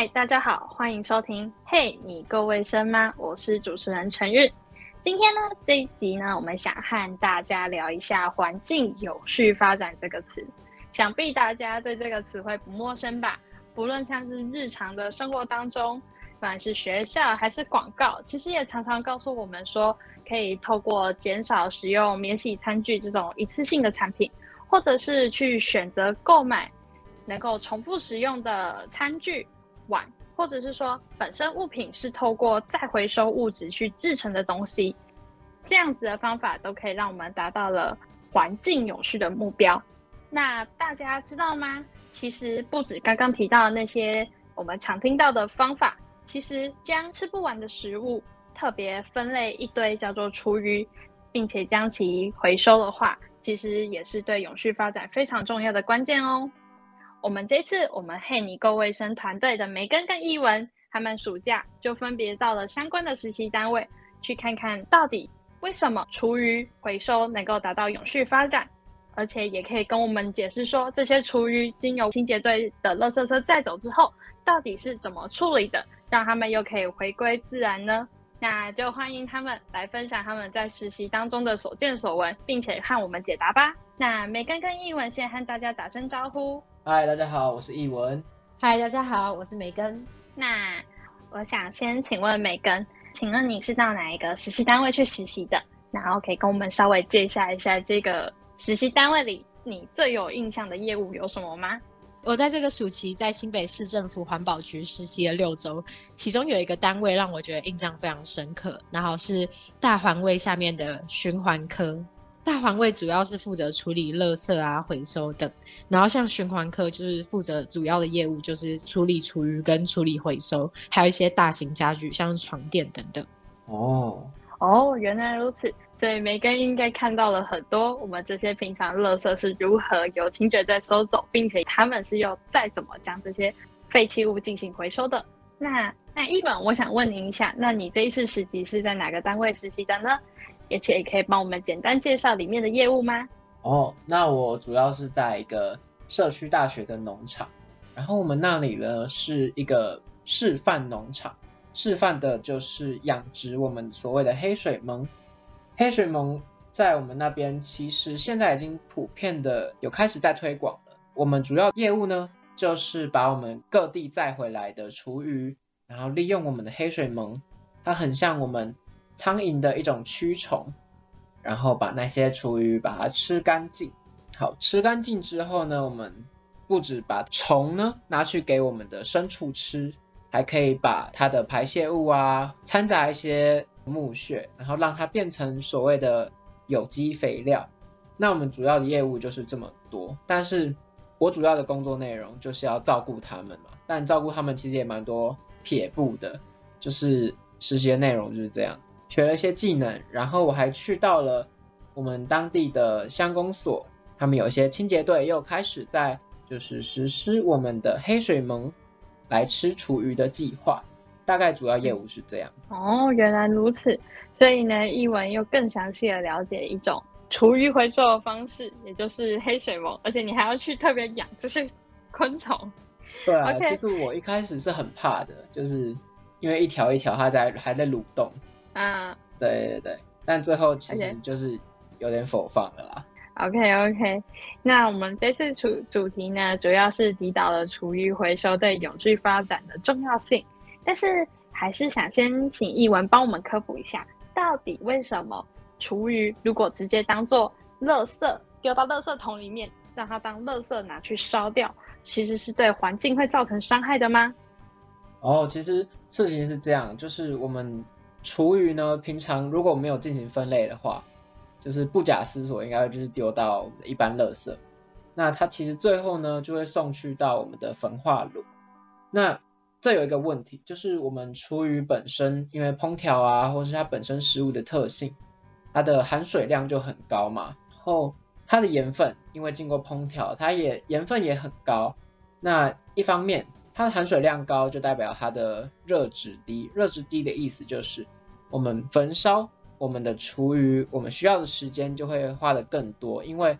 Hi, 大家好，歡迎收聽。嘿，你夠衛生嗎？我是主持人晨韻。今天呢，這一集呢，我們想和大家聊一下“環境永續發展”這個詞。想必大家對這個詞彙不陌生吧？不論像是日常的生活當中，不管是學校還是廣告，其實也常常告訴我們說，可以透過減少使用免洗餐具這種一次性的產品，或者是去選擇購買能夠重複使用的餐具。或者是說本身物品是透過再回收物質去制成的東西，這樣子的方法都可以讓我們達到了環境永續的目標。那大家知道嗎？其實不止剛剛提到的那些我們常聽到的方法，其實將吃不完的食物特別分類一堆叫做廚餘，並且將其回收的話，其實也是對永續發展非常重要的關鍵哦。我們這次，我們嘿你夠衛生團隊的梅根跟鐿文，他們暑假就分別到了相關的實習單位，去看看到底為什麼廚餘回收能夠達到永續發展，而且也可以跟我們解釋說，這些廚餘經由清潔隊的垃圾車載走之後，到底是怎麼處理的，讓他們又可以回歸自然呢？那就歡迎他們來分享他們在實習當中的所見所聞，並且和我們解答吧。那梅根跟鐿文先和大家打聲招呼。嗨，Hi, 大家好，我是鐿文。嗨，大家好，我是梅根。那我想先請問梅根，請問你是到哪一個實習單位去實習的？然後可以跟我們稍微介紹一下，這個實習單位裡你最有印象的業務有什麼嗎？我在這個暑期在新北市政府環保局實習了六周，其中有一個單位讓我覺得印象非常深刻，然後是大環衛下面的循環科。大環衛主要是負責處理垃圾啊、回收等，然後像循環科就是負責主要的業務，就是處理廚餘跟處理回收，還有一些大型家具，像床墊等等。哦哦，原來如此，所以梅根應該看到了很多我們這些平常垃圾是如何由清潔再收走，並且他們是又再怎麼將這些廢棄物進行回收的。那那鐿文，我想問您一下，那你這一次實習是在哪個單位實習的呢？而且也可以幫我們簡單介紹裡面的業務嗎？哦，oh, 那我主要是在一個社區大學的農場，然後我們那裡呢是一個示範農場，示範的就是養殖我們所謂的黑水虻。黑水虻在我們那邊其實現在已經普遍的有開始在推廣了。我們主要業務呢就是把我們各地載回來的廚餘，然後利用我們的黑水虻，它很像我們。蒼蠅的一種蛆蟲，然後把那些廚餘把它吃乾淨。好吃乾淨之後呢，我們不止把蟲呢拿去給我們的牲畜吃，還可以把它的排泄物啊摻雜一些木屑，然後讓它變成所謂的有機肥料。那我們主要的業務就是這麼多，但是我主要的工作內容就是要照顧它們嘛。但照顧它們其實也蠻多撇步的，就是實習的內容就是這樣。學了一些技能，然後我還去到了我們當地的鄉公所，他們有一些清潔隊又開始在就是實施我們的黑水虻來吃廚餘的計劃，大概主要業務是這樣。嗯、哦，原來如此。所以呢，鐿文又更詳細的了解一種廚餘回收的方式，也就是黑水虻，而且你還要去特別養這些昆蟲。對啊，Okay 其實我一開始是很怕的，就是因為一條一條它在還在蠕動。啊，對對對，但最後其實就是有點否放了啦。OK OK，那我們這次主主題呢，主要是提到了廚餘回收對永續發展的重要性，但是還是想先請鐿文幫我們科普一下，到底為什麼廚餘如果直接當做垃圾丟到垃圾桶裡面，讓它當垃圾拿去燒掉，其實是對環境會造成傷害的嗎？哦，其實事情是這樣，就是我們。廚餘呢，平常如果沒有進行分類的話，就是不假思索應該就是丟到一般垃圾。那它其實最後呢，就會送去到我們的焚化爐。那這有一個問題，就是我們廚餘本身，因為烹調啊，或是它本身食物的特性，它的含水量就很高嘛，然後它的鹽分，因為經過烹調，它也鹽分也很高。那一方面它的含水量高，就代表它的熱值低。熱值低的意思就是我，我們焚燒我們的廚餘，我們需要的時間就會花得更多，因為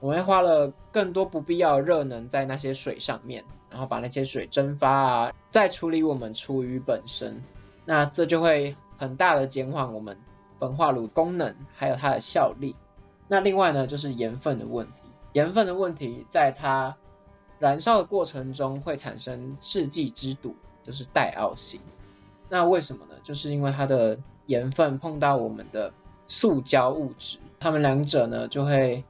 我們花了更多不必要的熱能在那些水上面，然後把那些水蒸發啊，再處理我們廚餘本身，那這就會很大的減緩我們焚化爐功能還有它的效力。那另外呢，就是鹽分的問題，鹽分的問題在它。燃燒的過程中會產生世紀之毒，就是戴奧辛，那為什麼呢？就是因為它的鹽分碰到我們的塑膠物質，它們兩者呢就會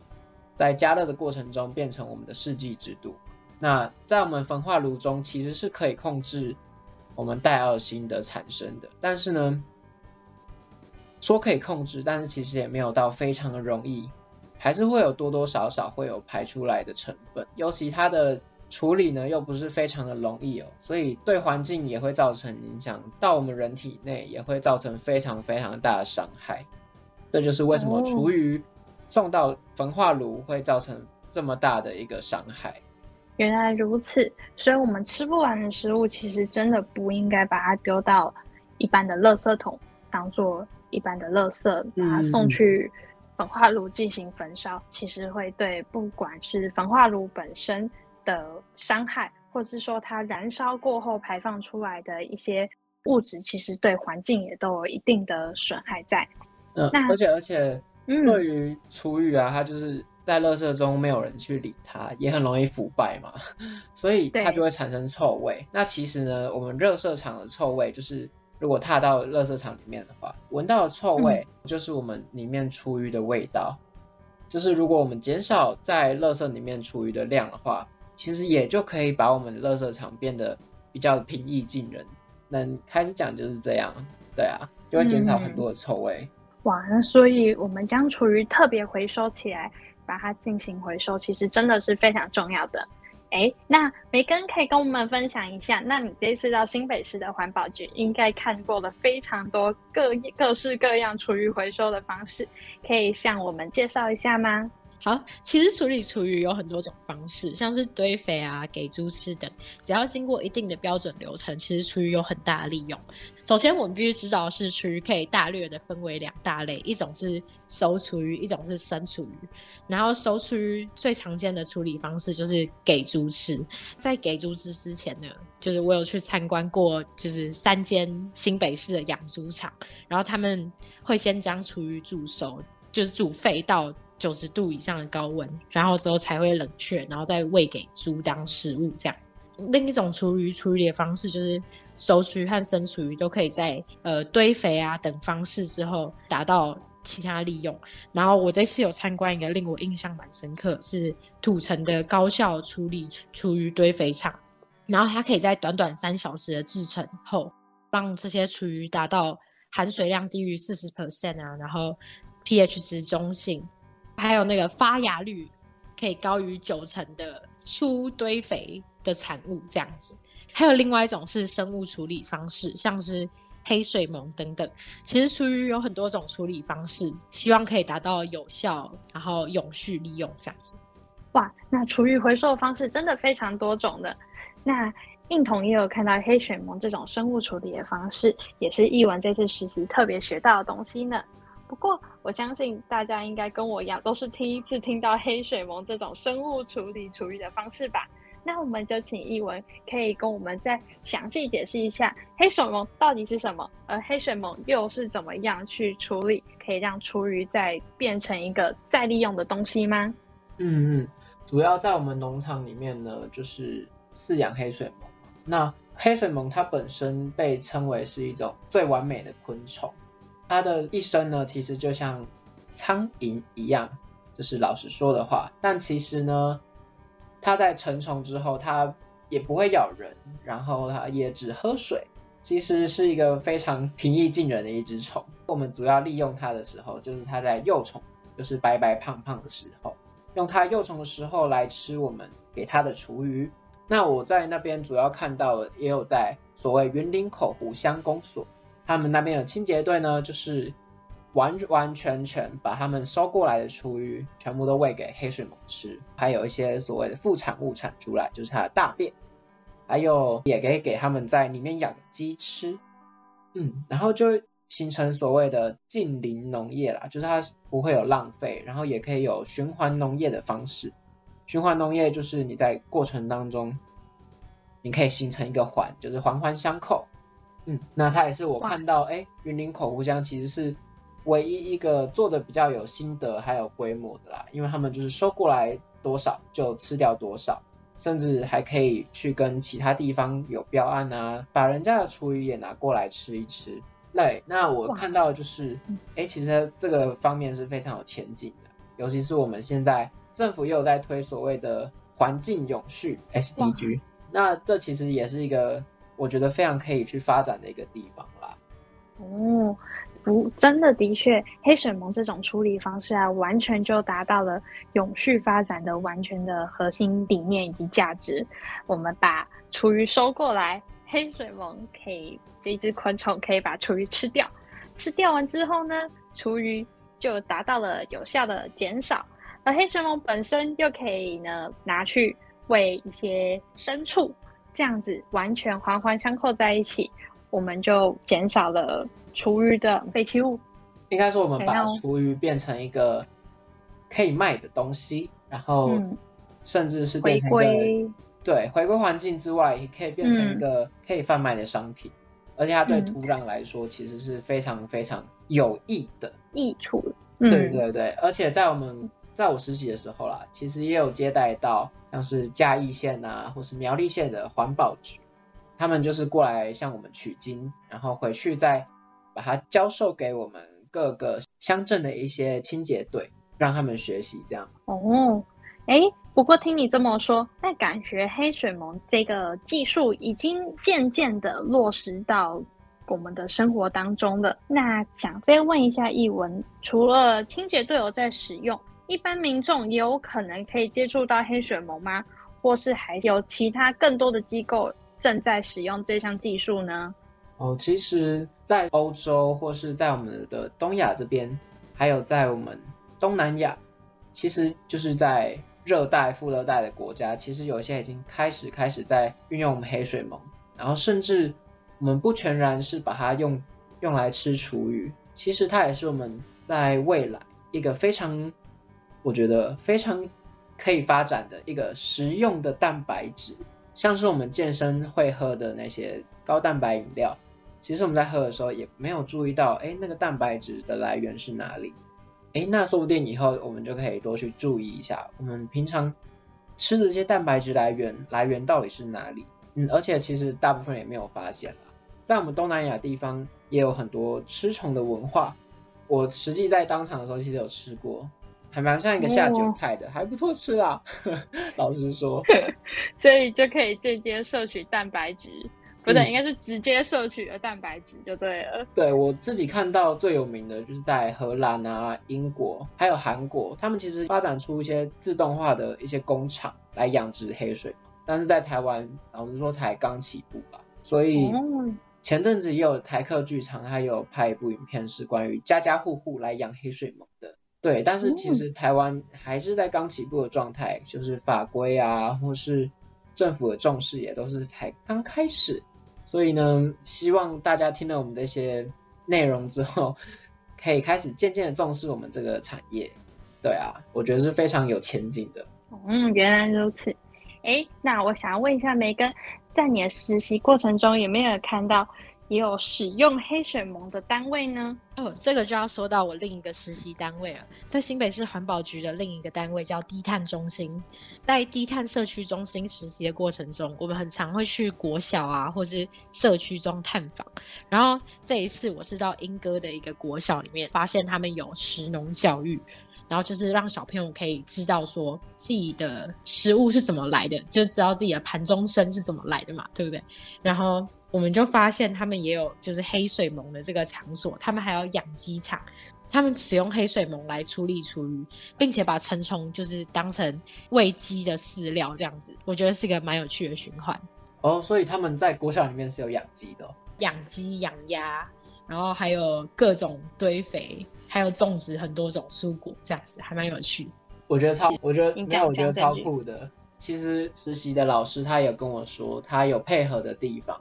在加熱的過程中變成我們的世紀之毒。那在我們焚化爐中其實是可以控制我們戴奧辛的產生的，但是呢，說可以控制，但是其實也沒有到非常的容易。還是會有多多少少會有排出來的成分，尤其它的處理呢又不是非常的容易哦，所以對環境也會造成影響，到我們人體內也會造成非常非常大的傷害。這就是為什麼廚餘送到焚化爐會造成這麼大的一個傷害。哦，原來如此，所以我們吃不完的食物其實真的不應該把它丟到一般的垃圾桶，當做一般的垃圾把它送去，嗯。焚化爐進行焚燒，其實會對不管是焚化爐本身的傷害，或是說它燃燒過後排放出來的一些物質，其實對環境也都有一定的損害在。嗯，那而且而且、啊，嗯，對於廚餘啊，它就是在垃圾中，沒有人去理它，也很容易腐敗嘛，所以它就會產生臭味。對那其實呢，我們垃圾場，的臭味就是。如果踏到垃圾場裡面的話，聞到的臭味就是我們裡面廚餘的味道。嗯、就是如果我們減少在垃圾裡面廚餘的量的話，其實也就可以把我們的垃圾場變得比較平易近人。那開始講就是這樣，對啊，就會減少很多的臭味，嗯。哇，那所以我們將廚餘特別回收起來，把它進行回收，其實真的是非常重要的。哎，那梅根可以跟我們分享一下，那你這次到新北市的環保局，應該看過了非常多各各式各樣廚餘回收的方式，可以向我們介紹一下嗎？好，其實處理廚餘有很多種方式，像是堆肥啊、給豬吃等。只要經過一定的標準流程，其實廚餘有很大的利用。首先，我們必須知道的是廚餘可以大略的分為兩大類，一種是熟廚餘，一種是生廚餘。然後，熟廚餘最常見的處理方式就是給豬吃。在給豬吃之前呢，就是我有去參觀過，就是三間新北市的養豬場，然後他們會先將廚餘煮熟，就是煮沸到。九十度以上的高溫，然後之後才會冷卻，然後再餵給豬當食物，這樣。另一種廚餘處理的方式就是，熟廚餘和生廚餘都可以在呃堆肥啊等方式之後達到其他利用。然後我這次有參觀一個令我印象蠻深刻，是土城的高效處理廚廚餘堆肥廠，然後它可以在短短三小時的製程後，讓這些廚餘達到含水量低於四十 percent 啊，然後 pH 值中性。還有那個發芽率可以高於九成的粗堆肥的產物，這樣子。還有另外一種是生物處理方式，像是黑水虻等等。其實廚餘有很多種處理方式，希望可以達到有效，然後永續利用這樣子。哇，那廚餘回收方式真的非常多種的。那印統也有看到黑水虻這種生物處理的方式，也是鐿文這次實習特別學到的東西呢。不過，我相信大家應該跟我一樣，都是第一次聽到黑水虻這種生物處理廚餘的方式吧？那我們就請鐿文可以跟我們再詳細解釋一下黑水虻到底是什麼，而黑水虻又是怎麼樣去處理，可以讓廚餘再變成一個再利用的東西嗎？嗯嗯，主要在我們農場裡面呢，就是飼養黑水虻。那黑水虻它本身被稱為是一種最完美的昆蟲。它的一生呢，其實就像蒼蠅一樣，就是老實說的話。但其實呢，它在成蟲之後，它也不會咬人，然後它也只喝水。其實是一個非常平易近人的一只蟲。我們主要利用它的時候，就是它在幼蟲，就是白白胖胖的時候，用它幼蟲的時候來吃我們給它的廚餘。那我在那邊主要看到，也有在所謂雲林口湖鄉公所。他們那邊的清潔隊呢，就是完完全全把他們收過來的廚餘全部都餵給黑水虻吃，還有一些所謂的副產物產出來，就是它的大便，還有也可以給他們在裡面養雞吃，嗯，然後就形成所謂的近鄰農業啦，就是它不會有浪費，然後也可以有循環農業的方式。循環農業就是你在過程當中，你可以形成一個環，就是環環相扣。嗯，那他也是我看到，哎 Wow.，雲林口湖鄉其實是唯一一個做的比較有心得還有規模的啦，因為他們就是收過來多少就吃掉多少，甚至還可以去跟其他地方有標案啊，把人家的廚餘也拿過來吃一吃。對，那我看到就是，哎 Wow.，其實這個方面是非常有前景的，尤其是我們現在政府又在推所謂的環境永續 （SDG），Wow. 那這其實也是一個。我覺得非常可以去發展的一個地方啦。哦，不，哦，真的的確，黑水虻這種處理方式啊，完全就達到了永續發展的完全的核心理念以及價值。我們把廚餘收過來，黑水虻可以這隻昆蟲可以把廚餘吃掉，吃掉完之後呢，廚餘就達到了有效的減少，而黑水虻本身又可以呢拿去餵一些牲畜。這樣子完全環環相扣在一起，我們就減少了廚餘的廢棄物。應該說我們把廚餘變成一個可以賣的東西，然後甚至是變成一個回歸，對，回歸環境之外，也可以變成一個可以販賣的商品。嗯、而且它對土壤來說，其實是非常非常有益的益處。嗯、對對對，而且在我們。在我實習的時候啦，其實也有接待到像是嘉義縣啊，或是苗栗縣的環保局，他們就是過來向我們取經，然後回去再把它教授給我們各個鄉鎮的一些清潔隊，讓他們學習這樣。哦，哎，不過聽你這麼說，那感覺黑水虻這個技術已經漸漸的落實到我們的生活當中了。那想再問一下鐿文，除了清潔隊有在使用？一般民眾也有可能可以接觸到黑水虻嗎？或是還有其他更多的機構正在使用這項技術呢？哦，其實在歐洲，在歐洲或是在我們的東亞這邊，還有在我們東南亞，其實就是在熱帶、副熱帶的國家，其實有一些已經開始開始在運用我們黑水虻，然後甚至我們不全然是把它用用來吃廚餘，其實它也是我們在未來一個非常。我覺得非常可以發展的一個食用的蛋白質，像是我們健身會喝的那些高蛋白飲料，其實我們在喝的時候也沒有注意到，哎、欸，那個蛋白質的來源是哪裡？哎、欸，那說不定以後我們就可以多去注意一下，我們平常吃的一些蛋白質來源來源到底是哪裡？嗯，而且其實大部分也沒有發現啦，在我們東南亞地方也有很多吃蟲的文化，我實際在當場的時候其實有吃過。還蠻像一個下酒菜的，oh. 還不錯吃啦，啊。老實說， 所以就可以間接攝取蛋白質，不對，嗯、應該是直接攝取的蛋白質就對了。對，我自己看到最有名的就是在荷蘭啊、英國還有韓國，他們其實發展出一些自動化的一些工廠來養殖黑水虻，但是在台灣，老實說才剛起步吧。所以前陣子也有台客劇場，還有拍一部影片，是關於家家戶戶來養黑水虻的。對，但是其實台灣還是在剛起步的狀態，嗯、就是法規啊，或是政府的重視也都是才剛開始。所以呢，希望大家聽了我們這些內容之後，可以開始漸漸的重視我們這個產業。對啊，我覺得是非常有前景的。嗯，原來如此。誒，那我想問一下梅根，在你的實習過程中有沒有看到？有使用黑水虻的單位呢？哦，這個就要說到我另一個實習單位了，在新北市環保局的另一個單位叫低碳中心。在低碳社區中心實習的過程中，我們很常會去國小啊，或是社區中探訪。然後這一次我是到鶯歌的一個國小裡面，發現他們有食農教育，然後就是讓小朋友可以知道說自己的食物是怎麼來的，就知道自己的盤中餐是怎麼來的嘛，對不對？然後。我們就發現他們也有就是黑水虻的這個場所，他們還有養雞場，他們使用黑水虻來處理廚餘並且把成蟲就是當成餵雞的飼料，這樣子，我覺得是一個蠻有趣的循環。哦，所以他們在國小裡面是有養雞的？哦，養雞、養鴨，然後還有各種堆肥，還有種植很多種蔬果，這樣子還蠻有趣。我覺得超，我覺得，因為、嗯、我覺得超酷的。嗯、其實實習的老師他有跟我說，他有配合的地方。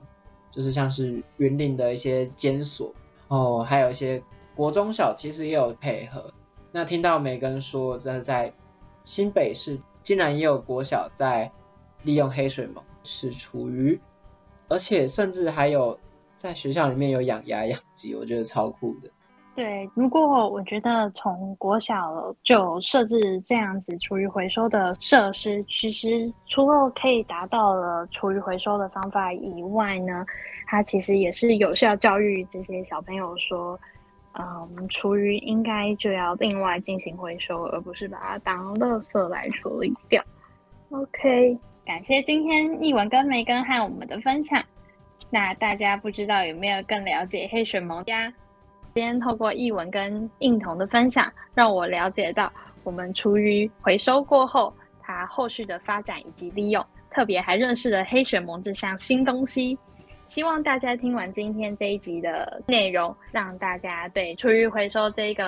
就是像是雲林的一些監所，然後，哦，還有一些國中小，其實也有配合。那聽到梅根說，這在新北市竟然也有國小在利用黑水虻吃廚餘，而且甚至還有在學校裡面有養鴨養雞，我覺得超酷的。對，如果我覺得從國小就設置這樣子廚餘回收的設施，其實除了可以達到了廚餘回收的方法以外呢，它其實也是有效教育這些小朋友說，嗯，廚餘應該就要另外進行回收，而不是把它當垃圾來處理掉。OK，感謝今天鐿文跟梅根和我們的分享。那大家不知道有沒有更了解黑水虻？今天透過鐿文跟應童的分享，讓我了解到我們廚餘回收過後，它後續的發展以及利用，特別還認識了黑水虻這項新東西。希望大家聽完今天這一集的內容，讓大家對廚餘回收這個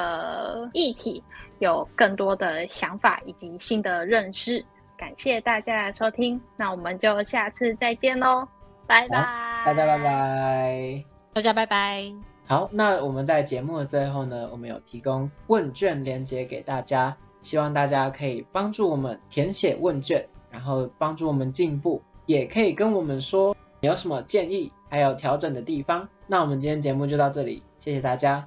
議題有更多的想法以及新的認識。感謝大家的收聽，那我們就下次再見嘍，拜拜，大家拜拜，大家拜拜。好，那我們在節目的最後呢，我們有提供問卷連結給大家，希望大家可以幫助我們填寫問卷，然後幫助我們進步，也可以跟我們說你有什麼建議，還有調整的地方。那我們今天節目就到這裡，謝謝大家。